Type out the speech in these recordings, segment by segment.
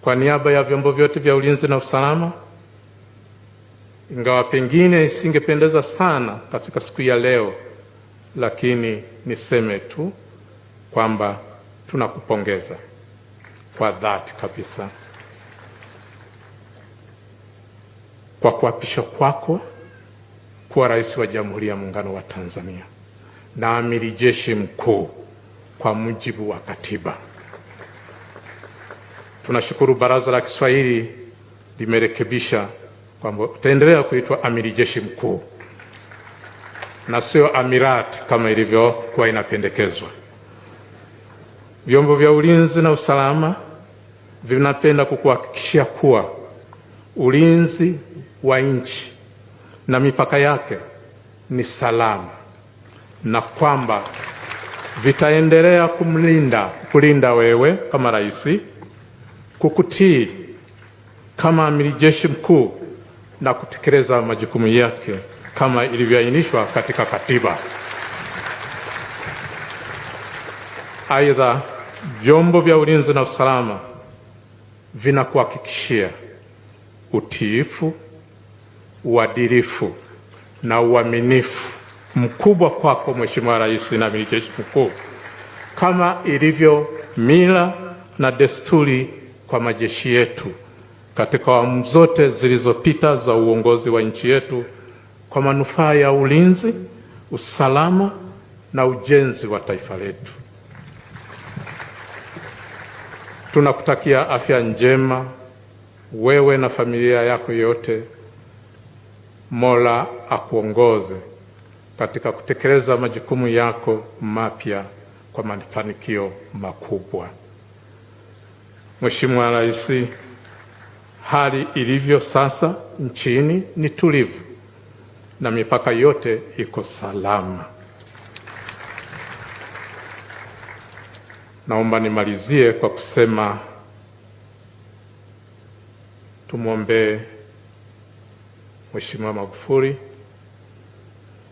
kwa niaba ya vyombo vyote vya ulinzi na usalama, ingawa pengine isingependeza sana katika siku ya leo, lakini niseme tu kwamba tunakupongeza kwa dhati kabisa kwa kuapishwa kwako kuwa rais wa Jamhuri ya Muungano wa Tanzania na amiri jeshi mkuu kwa mujibu wa katiba. Tunashukuru Baraza la Kiswahili limerekebisha kwamba utaendelea kuitwa amiri jeshi mkuu na sio amirati kama ilivyokuwa inapendekezwa. Vyombo vya ulinzi na usalama vinapenda kukuhakikishia kuwa ulinzi wa nchi na mipaka yake ni salama na kwamba vitaendelea kumlinda kulinda wewe kama raisi kukutii kama amiri jeshi mkuu na kutekeleza majukumu yake kama ilivyoainishwa katika katiba. Aidha, vyombo vya ulinzi na usalama vinakuhakikishia utiifu, uadilifu na uaminifu mkubwa kwako Mheshimiwa Rais na Amiri Jeshi Mkuu, kama ilivyo mila na desturi kwa majeshi yetu katika awamu zote zilizopita za uongozi wa nchi yetu kwa manufaa ya ulinzi, usalama na ujenzi wa taifa letu. Tunakutakia afya njema wewe na familia yako yote. Mola akuongoze katika kutekeleza majukumu yako mapya kwa mafanikio makubwa. Mheshimiwa Rais, hali ilivyo sasa nchini ni tulivu na mipaka yote iko salama. Naomba nimalizie kwa kusema tumwombee Mheshimiwa Magufuli,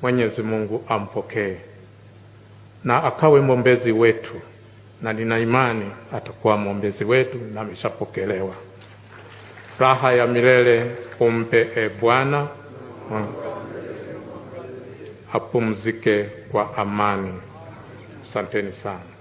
Mwenyezi Mungu ampokee na akawe mwombezi wetu na nina imani atakuwa mwombezi wetu na ameshapokelewa. Raha ya milele umpe e Bwana, apumzike kwa amani. Asanteni sana.